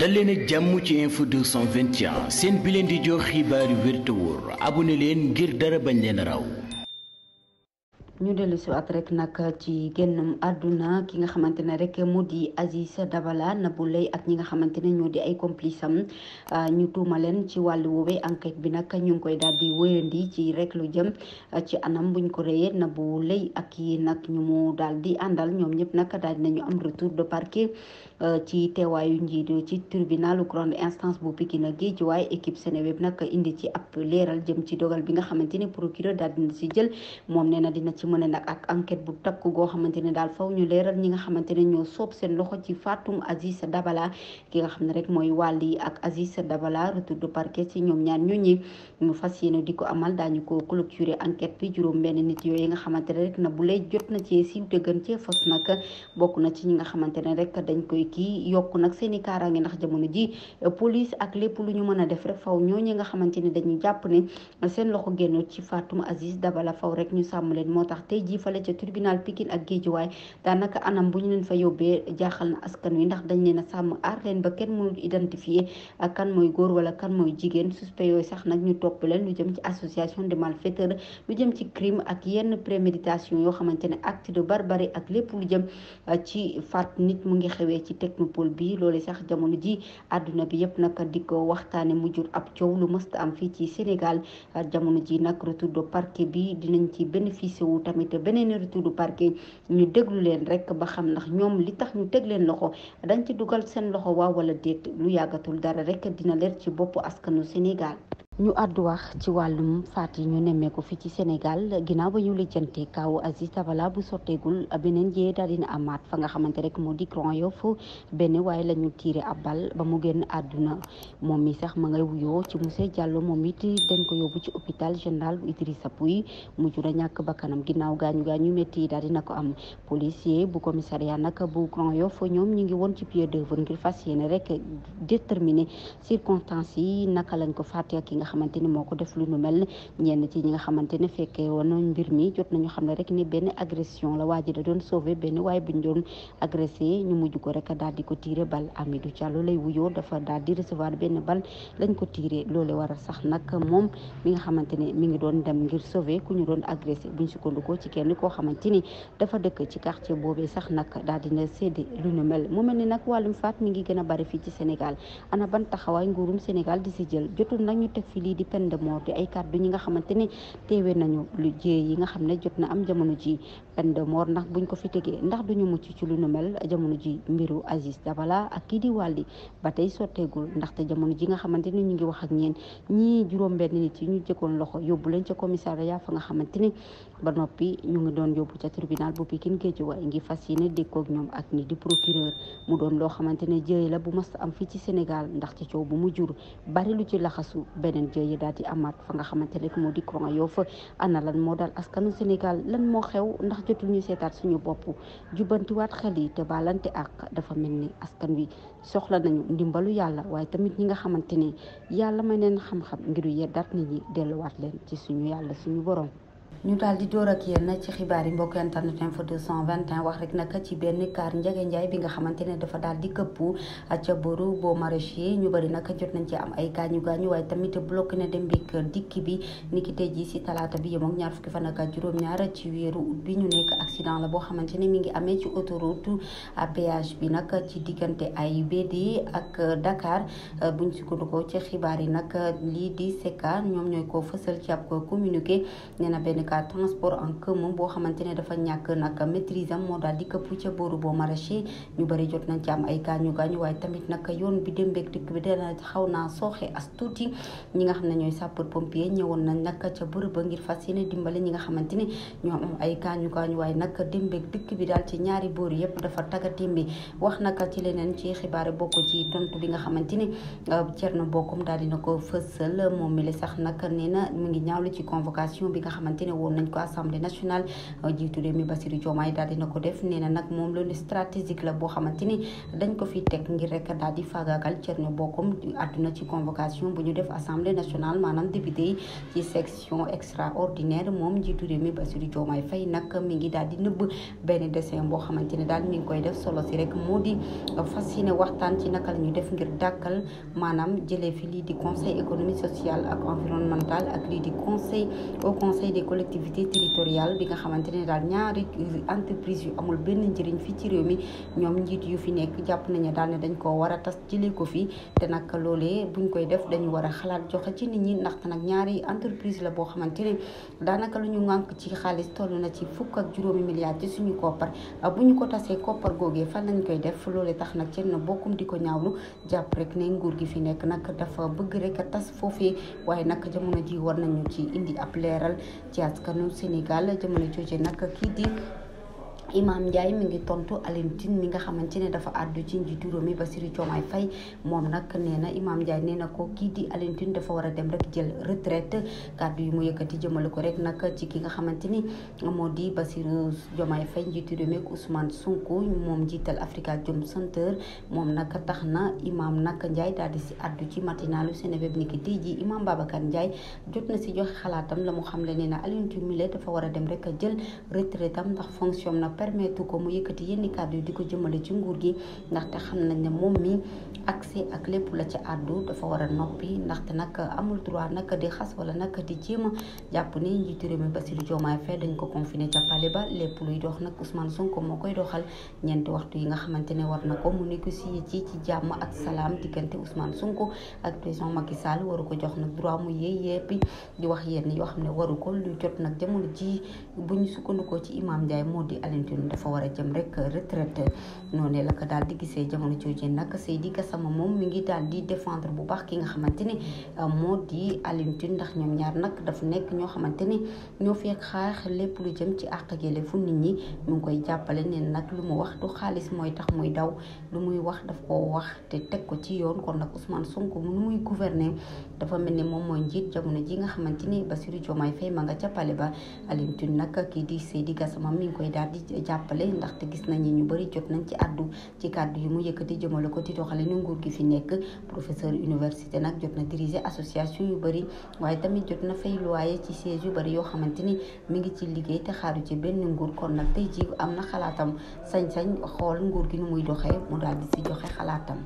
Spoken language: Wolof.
dal leen ak jàmm ci info 221 seen bi leen di jox xibaar yu wér te wóor leen ngir dara bañ leen raw ñu dellu si waat rek nag ci génnam àdduna ki nga xamante ne rek mu di Aziz Dabala bu Leye ak ñi nga xamante ne ñoo di ay complice am ah, ñu tuuma leen ci wàllu woowee enquête bi nag ñu ngi koy daal di ci rek lu jëm ah, ci anam buñ ko reyee Nabou Leye ak yi nag ñu mu daal di àndal ñoom ñëpp nag daal nañu am retour de parquet ci teewaayu njiitu ci tribunalu grande instance bu Pikine Guédiawaye équipe Seneweb nag indi ci ab leeral jëm ci dogal bi nga xamante ni procureur daal dina si jël moom nee na dina ci mën a ak enquête bu takk goo xamante ne daal faw ñu leeral ñi nga xamante ne ñoo soob seen loxo ci Fatum Aziz Dabala ki nga xam ne rek mooy Wally ak Aziz Dabala retour de parquet ci ñoom ñaar ñu ñi ñu fas yéene di ko amal daañu ko clôturer enquête bi juróom benn nit yooyu nga xamante ne rek na bu lay jot na ci si dëggan ci fas nag bokk na ci ñi nga xamante ne rek dañ koy kii yokk nag seen i kaaraange ndax jamono ji police ak lépp lu ñu mën a def rek faw ñooñu nga xamante ni dañuy jàpp ne seen loxo génn ci Fatou Aziz Dabala faw rek ñu sàmm leen moo tax tey jiifale fale ca tribunal Pikine ak Guédiawaye daanaka anam bu ñu leen fa yóbbee jaaxal na askan wi ndax dañ leen a sàmm aar leen ba kenn mënul identifier ak kan mooy góor wala kan mooy jigéen suspect yooyu sax nag ñu topp leen lu jëm ci association de malfaiteurs lu jëm ci crime ak yenn préméditation yoo xamante ne acte de barbarie ak lépp lu jëm ci faat nit mu ngi xewee ci technopole bi loole sax jamono ji àdduna bi yëpp nag di ko waxtaane mu jur ab coow lu mësta am fii ci Sénégal jamono ji nag retour de parquet bi dinañ ci bénéficier wu tamit beneen retour de parquet ñu déglu leen rek ba xam ndax ñoom li tax ñu teg leen loxo dañ ci dugal seen loxo waaw wala déet lu yàggatul dara rek dina leer ci boppu askanu Sénégal ñu àddu wax ci wàllum faat yi ñu nemmee ko fi ci Sénégal ginnaaw ba ñu lijjante kaw Aziz Dabala bu sotteegul beneen jee daal dina amaat fa nga xamante rek moo di Grand Yoff benn waaye la ñu tiire ab bal ba mu génn àdduna moom mi sax ma ngay wuyoo ci monsieur Diallo moom it dañ ko yóbbu ci hôpital général bu Idrissa Pouye mu jura ñàkk bakkanam ginnaaw gaañu gaañu métti yi daal dina ko am policier bu commissariat nag bu Grand Yoff ñoom ñu ngi woon ci pied d'œuvre ngir fas yéene rek déterminer circonstances yi naka lañ ko fàtte ki nga xamante ni moo ko def lu nu mel ñenn ci ñi nga xamante ne fekkee woon mbir mi jot nañu xam ne rek ni benn agression la waa ji da doon sauver benn waaye buñ doon agressé ñu mujj ko rek daal di ko tiire bal Amidou Diallo lay wuyoo dafa dal di recevoir benn bal lañ ko tiire loole war a sax nag moom mi nga xamante ne mi ngi doon dem ngir sauver ku ñu doon agressé buñ sukkandikoo ci kenn koo xamante ni dafa dëkk ci quartier boobee sax nag daal dina sédde lu nu mel mu mel ni nag wàllum faat mi ngi gën a bari fii ci Sénégal ana ban taxawaay nguurum Sénégal di si fi lii di peine de mort di ay kàddu ñi nga xamante ne teewe nañu lu jee yi nga xam ne jot na am jamono ji peine de mort ndax buñ ko fi tegee ndax duñu mucc ci lu nu mel jamono ji mbiru Aziz Dabala ak kii di wàlli ba tey sotteegul ndaxte jamono ji nga xamante ne ñu ngi wax ak ñeen ñii juróom-benn nit yi ñu jëkkoon loxo yóbbu leen ca commissariat fa nga xamante ne ba noppi ñu ngi doon yobbu ca tribunal bu Pikine Guédiawaye ngi fas yi ne dékkoog ñoom ak ni di procureur mu doon loo xamante ne jëye la bu mas am fii ci Sénégal ndaxte coow bu mu jur bari lu ci laxasu yeneen jëye daal di amaat fa nga xamante ne moo di Grand Yoff ana lan moo daal askanu Sénégal lan moo xew ndax jotul ñu seetaat suñu bopp jubbantiwaat xel yi te balante ak dafa mel ni askan wi soxla nañu ndimbalu yàlla waaye tamit ñi nga xamante ni yàlla may leen xam-xam ngir yeddaat nit ñi delluwaat leen ci suñu yàlla suñu boroom ñu daal di door ak yéen ci xibaar yi mbokk internet info 221 wax rek nag ci benn kaar Ndiaga Ndiaye bi nga xamante ne dafa daal di këppu ca boru boo maraîcher ñu bari nag jot nañ ci am ay gaañu gaañu waaye tamit bloqué ne dem bi dikk bi ni ki tey jii si talaata bi yem ñaar fukki fan ak juróom-ñaar ci weeru ut bi ñu nekk accident la boo xamante ne mu ngi amee ci autoroute à péage bi nag ci diggante ay AIBD ak dakaar buñ sukkandikoo ci xibaar yi nag lii ñoom ñooy ko fësal ci ab communiqué nee na benn car transport en commun boo xamante ne dafa ñàkk nag maîtrise am moo daal di këpp ca booru boo maraîcher ñu bëri jot nañ ci am ay gaañu gaañu waaye tamit nag yoon bi dem beeg dikk bi dana xaw naa sooxe as ñi nga xam ne ñooy sapeur pompier ñëwoon nañ nag ca bërëb ba ngir fas yéene dimbale ñi nga xamante ne ñoo am ay gaañu gaañu waaye nag dem dëkk bi daal ci ñaari boor yëpp dafa taggatémbe wax nag ci leneen ci xibaar bokk ci tontu bi nga xamante ne euh, Thierno Bocoum daal dina ko fësal moom mi la sax nag nee na mu ngi ñaawlu ci convocation bi nga xamante woon nañ ko assemblée nationale euh, jiitu réew mi Bassirou Diomaye daal dina ko def nee na nag moom loolu stratégique la boo xamante ni dañ ko fi teg ngir rek daal di faagaagal Thierno Bocoum adduna ci convocation bu ñu def assemblée nationale maanaam député yi ci section extraordinaire moom jiitu réew mi Bassirou Diomaye Faye nag mi ngi daal di nëbb benn dessin boo xamante ne daal mi ngi koy def solo si rek moo di fas yéene waxtaan ci naka la ñu def ngir dàkkal maanaam jëlee fi lii di conseil économique social collectivité territoriale bi nga xamante ne daal ñaari entreprise yu amul benn njëriñ fi ci réew mi ñoom njiit yu fi nekk jàpp nañu daal ne dañ koo war a tas jëlee ko fi te nag koy def dañu war a xalaat ci nit ñi ndaxte nag ñaari entreprise la boo xamante ne daanaka lu ñu ŋànk ci xaalis toll na ci fukk ak juróomi milliards ci suñu koppar bu ñu ko tasee koppar googee fan lañ koy def loolee tax nag seen bokkum di ko ñaawlu jàpp ne nguur gi fi nekk nag dafa bëgg rek a tas foofee waaye nag jamono ji war nañu ci indi ab leeral ci askanu Sénégal jamono jooje nag kii di Imam Ndiaye mi ngi tontu Alioune Tine mi nga xamante ne dafa àddu ci njiitu réew mi Bassirou ay Faye moom nag nee na Imam Ndiaye nee na ko kii di Alioune Tine dafa war a dem rek jël retraite kàddu yi mu yëkkati jëmale ko rek nag ci ki nga xamante ni moo di Bassirou Diomaye Faye njiitu réew mi ak Ousmane moom njiital Afrikajom Center moom nag tax na Imam nag Ndiaye di si àddu ci matinalu Seneweb niki tey ji Imam Babacar Ndiaye jot na si joxe xalaatam la mu xam le nee na Alioune dafa war a dem rek a jël retraite am ndax fonction nag permettre ko mu yëkkati yenn kàddu yi di ko jëmale ci nguur gi ndaxte xam nañ ne moom mi accès ak lépp la ci àddu dafa war a noppi ndaxte nag amul droit nag di xas wala nag di jéem a jàpp ni njiitu réew mi Bassirou Diomaye Faye dañ ko confiné ca palais ba lépp luy dox nag Ousmane Sonko moo koy doxal ñeenti waxtu yi nga xamante ne war na ko mu négocier ci ci jàmm ak salaam diggante Ousmane Sonko ak président Macky Sall waru ko jox nag droit mu yee yeppi di wax yenn yoo xam ne waru ko lu jot nag jamono ji bu ñu sukkandikoo ci imam Ndiaye moo di Alioune xamante ni dafa war a jëm rek retraite noonu la ko daal di gisee jamono jooju nag Seydi Gassama moom mu ngi daal di défendre bu baax ki nga xamante ni moo di Alioune Tine ndax ñoom ñaar nag dafa nekk ñoo xamante ni ñoo fee xaar lépp lu jëm ci àq ak yelleefu nit ñi mu koy jàppale ne nag lu mu wax du xaalis mooy tax muy daw lu muy wax daf ko wax te teg ko ci yoon kon nag Ousmane Sonko nu muy gouverner dafa mel ni moom mooy njiit jamono ji nga xamante ni Bassirou Diomaye Faye ma nga ca ba Alioune Tine nag kii di Seydi mi ngi koy daal di di jàppale ndaxte gis nañu ñu bëri jot nañ ci addu ci kàddu yi mu yëkkati jëmale ko ci doxale ni nguur gi fi nekk professeur université nag jot na diriger association yu bëri waaye tamit jot na fay luwaaye ci siège yu bëri yoo xamante ni mi ngi ci liggéey te xaaru ci benn nguur kon nag tey ci am na xalaatam sañ-sañ xool nguur gi nu muy doxee mu daal di si joxe xalaatam